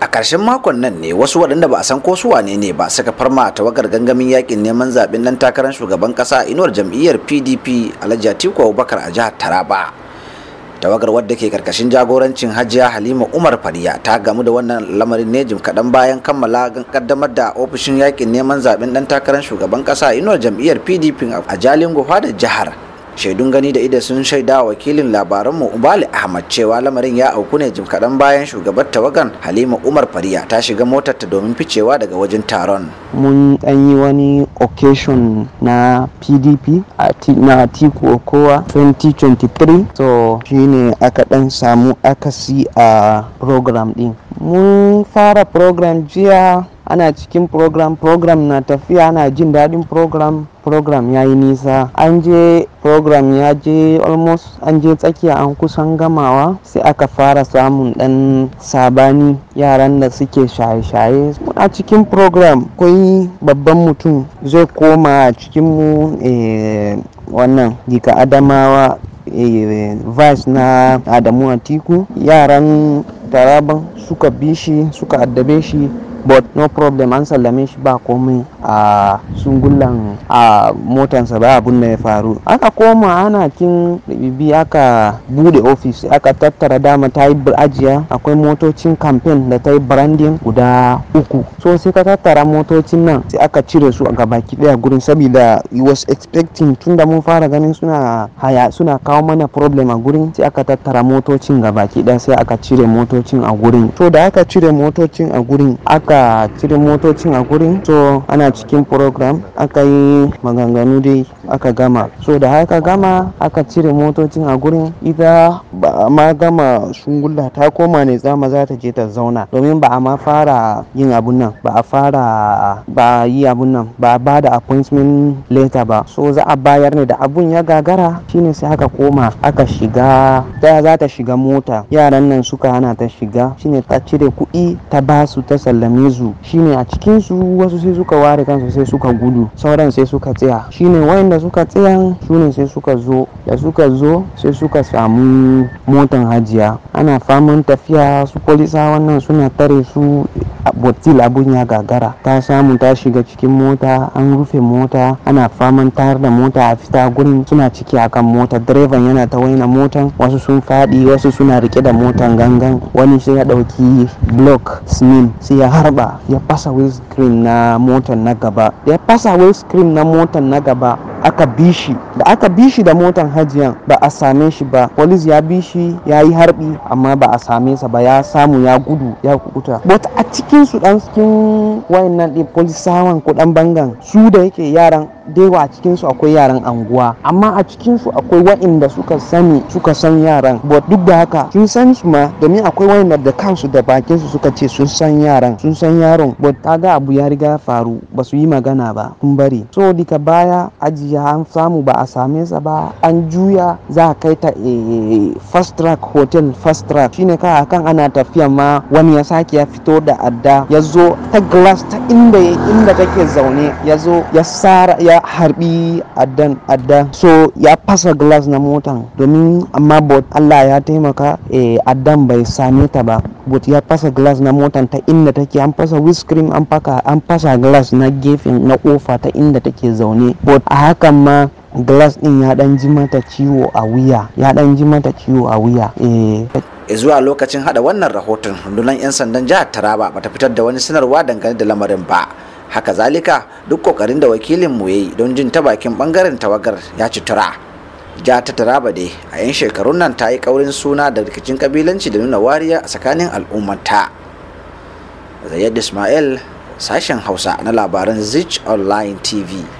a ƙarshen makon nan ne wasu waɗanda ba a san ko su wane ne ba suka farma tawagar gangamin yakin neman zaɓen nan takarar shugaban ƙasa inuwar jam'iyyar pdp alhaji atiku abubakar a jihar taraba tawagar wadda ke karkashin jagorancin hajiya halima umar fariya ta gamu da wannan lamarin ne jim kaɗan bayan kammala ƙaddamar da ofishin yakin neman zaɓen ɗan takarar shugaban ƙasa inuwar jam'iyyar pdp a jalingo da jihar shaidun gani da ida sun shaida wakilin labaranmu ubali ahmad cewa lamarin ya auku ne jim kaɗan bayan shugabar tawagan halima umar fariya ta shiga motar ta domin ficewa daga wajen taron mun ɗan yi wani occasion na pdp na tiku kowa 2023 so shine aka ɗan samu akasi a program ɗin mun fara program jiya ana cikin program program na tafiya ana jin daɗin program program ya yi nisa an je program ya je almost an je tsakiya an kusan gamawa sai aka fara samun ɗan sabani yaran da suke shaye-shaye a cikin program kwai babban mutum zai koma a cikinmu eh, wannan jika adamawa eh, vice na adamu atiku yaran taraban suka bishi suka addabe shi but no problem an sallame shi ba komai a sungullan a motansa ba abun da ya faru aka koma ana kin bibi aka bude ofis aka tattara dama ta yi ajiya akwai motocin campaign da ta yi branding guda uku so sai ka tattara motocin nan sai aka cire su a baki daya gurin saboda he was expecting tun da mun fara ganin suna haya suna kawo mana problem a gurin sai aka tattara motocin gabaki daya sai aka cire motocin a gurin to da aka cire motocin a gurin aka aka cire motocin a gurin so ana cikin program aka yi maganganu dai aka gama so da haka gama aka cire motocin a gurin ita ba ma gama shungulla ta koma ne zama za ta je ta zauna domin ba a ma fara yin abun nan ba a fara ba yi abun nan ba a ba da appointment letter ba so za a bayar ne da abun ya gagara shine sai aka koma aka shiga ta za ta shiga mota yaran nan suka hana ta shiga shine ta cire kuɗi ta basu ta sallami same su shine a cikin su wasu sai suka ware kansu sai suka gudu sauran sai suka tsaya shine wayanda suka tsaya shine sai suka zo da suka zo sai suka samu motan hajiya ana faman tafiya su polisa wannan suna tare su botil abun ya gagara ta samu ta shiga cikin mota an rufe mota ana faman tayar da mota a fita gurin suna ciki akan mota direban yana ta waina motan wasu sun faɗi wasu suna rike da motan gangan wani sai ya ɗauki block snail sai ya har taba ya fasa windscreen na motar na gaba ya fasa windscreen na motar na gaba aka bi shi da aka bi da motar hajiyan ba a same shi ba polis ya bi shi ya yi harbi amma ba a same sa ba ya samu ya gudu ya kukuta but a cikin su dan cikin wayannan din polisawan kudan bangan su da yake yaran Dewa a cikin su akwai yaran anguwa amma a cikin su akwai wa'inda suka sani suka san yaran but duk da haka sun san su ma domin akwai wa'inda da kansu da bakin su suka ce sun san yaran sun san yaron but ga abu ya riga faru ba su yi magana ba kun bari so daga baya ajiya an samu ba a same sa ba an juya za a kai ta eh, fast track hotel fast track shine ka akan ana tafiya ma wani ya sake ya fito da adda ya zo ta glass ta inda inda take zaune ya zo ya sara ya harbi addan adda so ya fasa glass na motan domin amma bot allah ya taimaka eh, addan bai same ta ba but ya fasa glass na motan ta inda take an fasa windscreen an faka an fasa glass na gefen na kofa ta inda take zaune bot a hakan ma glass din ya dan ji mata ciwo a wuya ya dan ji mata ciwo a wuya eh zuwa lokacin hada wannan rahoton rundunar 'yan sandan jihar taraba bata fitar da wani sanarwa dangane da lamarin ba haka zalika duk kokarin da wakilin mu yayi don jin ta bakin bangaren tawagar ya ci tura ja ta taraba dai a 'yan shekarun nan ta yi kaurin suna da rikicin kabilanci da nuna wariya a tsakanin al'ummata zayyad ismail sashen hausa na labaran zich online tv